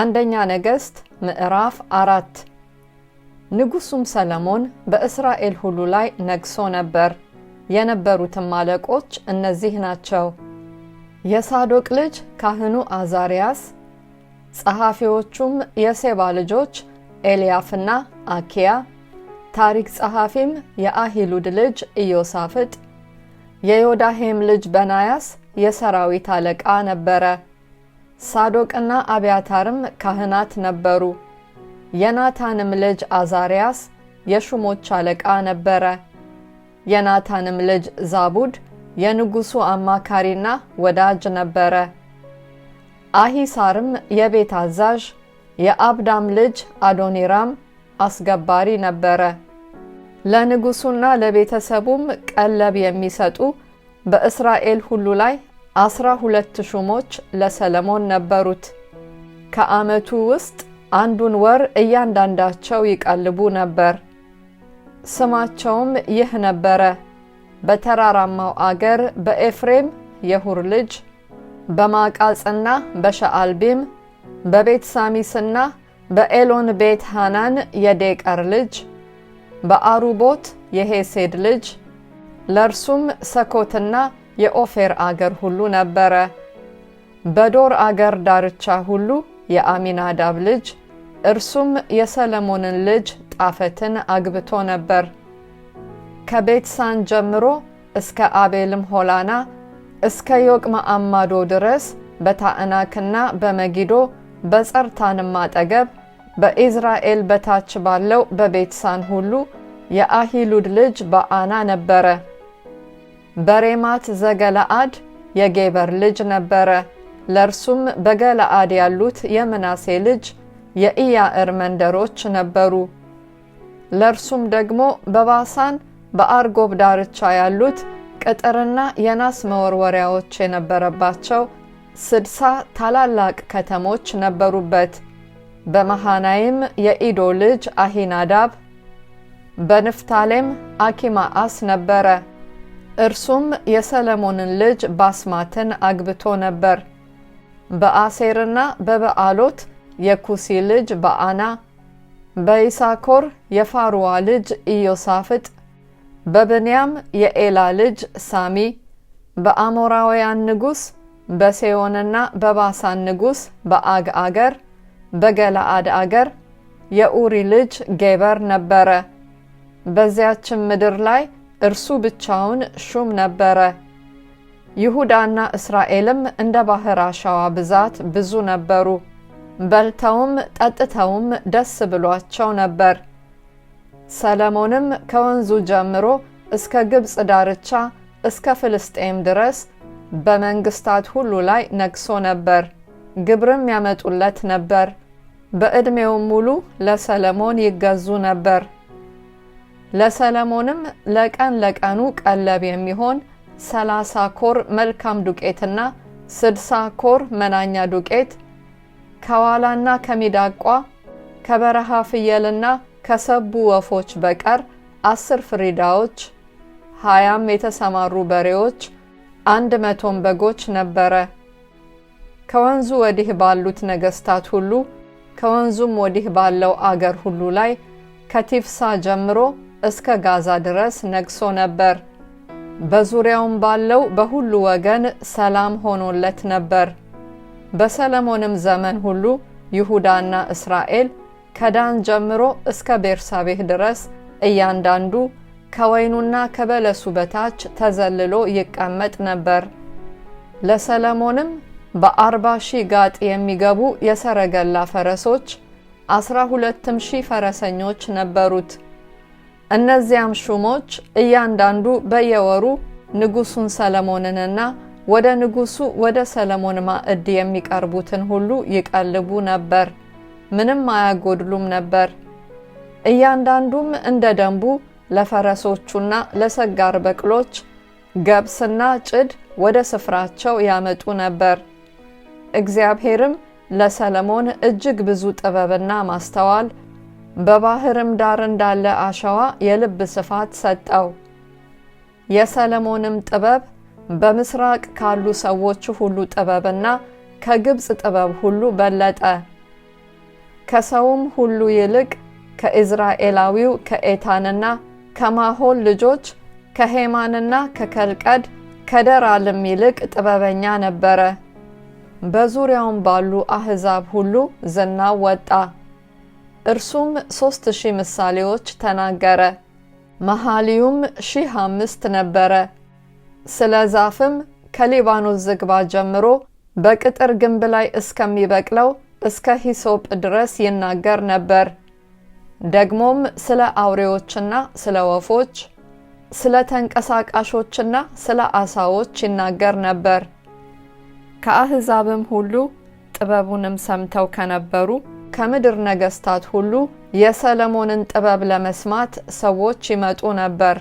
አንደኛ ነገሥት ምዕራፍ አራት ንጉሡም ሰለሞን በእስራኤል ሁሉ ላይ ነግሶ ነበር። የነበሩትም አለቆች እነዚህ ናቸው። የሳዶቅ ልጅ ካህኑ አዛሪያስ፣ ጸሐፊዎቹም የሴባ ልጆች ኤልያፍና አኪያ፣ ታሪክ ጸሐፊም የአሂሉድ ልጅ ኢዮሳፍጥ፣ የዮዳሄም ልጅ በናያስ የሰራዊት አለቃ ነበረ። ሳዶቅና አብያታርም ካህናት ነበሩ። የናታንም ልጅ አዛሪያስ የሹሞች አለቃ ነበረ። የናታንም ልጅ ዛቡድ የንጉሡ አማካሪና ወዳጅ ነበረ። አሂሳርም የቤት አዛዥ፣ የአብዳም ልጅ አዶኒራም አስገባሪ ነበረ። ለንጉሡና ለቤተሰቡም ቀለብ የሚሰጡ በእስራኤል ሁሉ ላይ አስራ ሁለት ሹሞች ለሰለሞን ነበሩት። ከዓመቱ ውስጥ አንዱን ወር እያንዳንዳቸው ይቀልቡ ነበር። ስማቸውም ይህ ነበረ፣ በተራራማው አገር በኤፍሬም የሁር ልጅ በማቃጽና በሸአልቢም በቤት ሳሚስና በኤሎን ቤት ሃናን የዴቀር ልጅ በአሩቦት የሄሴድ ልጅ ለእርሱም ሰኮትና የኦፌር አገር ሁሉ ነበረ። በዶር አገር ዳርቻ ሁሉ የአሚናዳብ ልጅ እርሱም የሰለሞንን ልጅ ጣፈትን አግብቶ ነበር። ከቤትሳን ጀምሮ እስከ አቤልም ሆላና እስከ ዮቅመአም ማዶ ድረስ በታዕናክና በመጊዶ በጸርታንም አጠገብ በኢዝራኤል በታች ባለው በቤትሳን ሁሉ የአሂሉድ ልጅ በአና ነበረ። በሬማት ዘገለአድ የጌበር ልጅ ነበረ። ለእርሱም በገለአድ ያሉት የምናሴ ልጅ የኢያእር መንደሮች ነበሩ። ለእርሱም ደግሞ በባሳን በአርጎብ ዳርቻ ያሉት ቅጥርና የናስ መወርወሪያዎች የነበረባቸው ስድሳ ታላላቅ ከተሞች ነበሩበት። በመሃናይም የኢዶ ልጅ አሂናዳብ፣ በንፍታሌም አኪማአስ ነበረ። እርሱም የሰለሞንን ልጅ ባስማትን አግብቶ ነበር። በአሴርና በበዓሎት የኩሲ ልጅ በአና፣ በይሳኮር የፋሩዋ ልጅ ኢዮሳፍጥ፣ በብንያም የኤላ ልጅ ሳሚ፣ በአሞራውያን ንጉሥ በሴዮንና በባሳን ንጉሥ በአግ አገር በገላአድ አገር የኡሪ ልጅ ጌበር ነበረ። በዚያችም ምድር ላይ እርሱ ብቻውን ሹም ነበረ። ይሁዳና እስራኤልም እንደ ባህር አሸዋ ብዛት ብዙ ነበሩ። በልተውም ጠጥተውም ደስ ብሏቸው ነበር። ሰለሞንም ከወንዙ ጀምሮ እስከ ግብፅ ዳርቻ እስከ ፍልስጤም ድረስ በመንግስታት ሁሉ ላይ ነግሶ ነበር። ግብርም ያመጡለት ነበር። በዕድሜውም ሙሉ ለሰለሞን ይገዙ ነበር። ለሰለሞንም ለቀን ለቀኑ ቀለብ የሚሆን ሰላሳ ኮር መልካም ዱቄትና ስድሳ ኮር መናኛ ዱቄት ከዋላና ከሚዳቋ ከበረሃ ፍየልና ከሰቡ ወፎች በቀር አስር ፍሪዳዎች ሀያም የተሰማሩ በሬዎች አንድ መቶም በጎች ነበረ። ከወንዙ ወዲህ ባሉት ነገስታት ሁሉ ከወንዙም ወዲህ ባለው አገር ሁሉ ላይ ከቲፍሳ ጀምሮ እስከ ጋዛ ድረስ ነግሶ ነበር። በዙሪያውም ባለው በሁሉ ወገን ሰላም ሆኖለት ነበር። በሰለሞንም ዘመን ሁሉ ይሁዳና እስራኤል ከዳን ጀምሮ እስከ ቤርሳቤህ ድረስ እያንዳንዱ ከወይኑና ከበለሱ በታች ተዘልሎ ይቀመጥ ነበር። ለሰለሞንም በአርባ ሺህ ጋጥ የሚገቡ የሰረገላ ፈረሶች አስራ ሁለትም ሺህ ፈረሰኞች ነበሩት። እነዚያም ሹሞች እያንዳንዱ በየወሩ ንጉሱን ሰለሞንንና ወደ ንጉሱ ወደ ሰለሞን ማዕድ የሚቀርቡትን ሁሉ ይቀልቡ ነበር፣ ምንም አያጎድሉም ነበር። እያንዳንዱም እንደ ደንቡ ለፈረሶቹና ለሰጋር በቅሎች ገብስና ጭድ ወደ ስፍራቸው ያመጡ ነበር። እግዚአብሔርም ለሰለሞን እጅግ ብዙ ጥበብና ማስተዋል በባህርም ዳር እንዳለ አሸዋ የልብ ስፋት ሰጠው። የሰለሞንም ጥበብ በምስራቅ ካሉ ሰዎች ሁሉ ጥበብና ከግብፅ ጥበብ ሁሉ በለጠ። ከሰውም ሁሉ ይልቅ ከኢዝራኤላዊው ከኤታንና ከማሆል ልጆች ከሄማንና ከከልቀድ ከደራልም ይልቅ ጥበበኛ ነበረ። በዙሪያውም ባሉ አሕዛብ ሁሉ ዝናው ወጣ። እርሱም ሶስት ሺህ ምሳሌዎች ተናገረ። መሐሊዩም ሺህ አምስት ነበረ። ስለ ዛፍም ከሊባኖስ ዝግባ ጀምሮ በቅጥር ግንብ ላይ እስከሚበቅለው እስከ ሂሶጵ ድረስ ይናገር ነበር። ደግሞም ስለ አውሬዎችና ስለ ወፎች፣ ስለ ተንቀሳቃሾችና ስለ አሳዎች ይናገር ነበር። ከአሕዛብም ሁሉ ጥበቡንም ሰምተው ከነበሩ ከምድር ነገስታት ሁሉ የሰለሞንን ጥበብ ለመስማት ሰዎች ይመጡ ነበር።